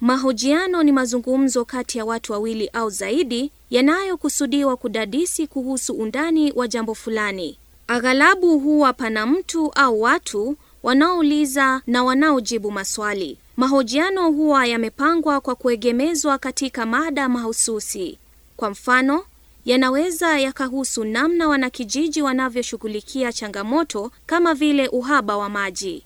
Mahojiano ni mazungumzo kati ya watu wawili au zaidi yanayokusudiwa kudadisi kuhusu undani wa jambo fulani. Aghalabu huwa pana mtu au watu wanaouliza na wanaojibu maswali. Mahojiano huwa yamepangwa kwa kuegemezwa katika mada mahususi. Kwa mfano, yanaweza yakahusu namna wanakijiji wanavyoshughulikia changamoto kama vile uhaba wa maji.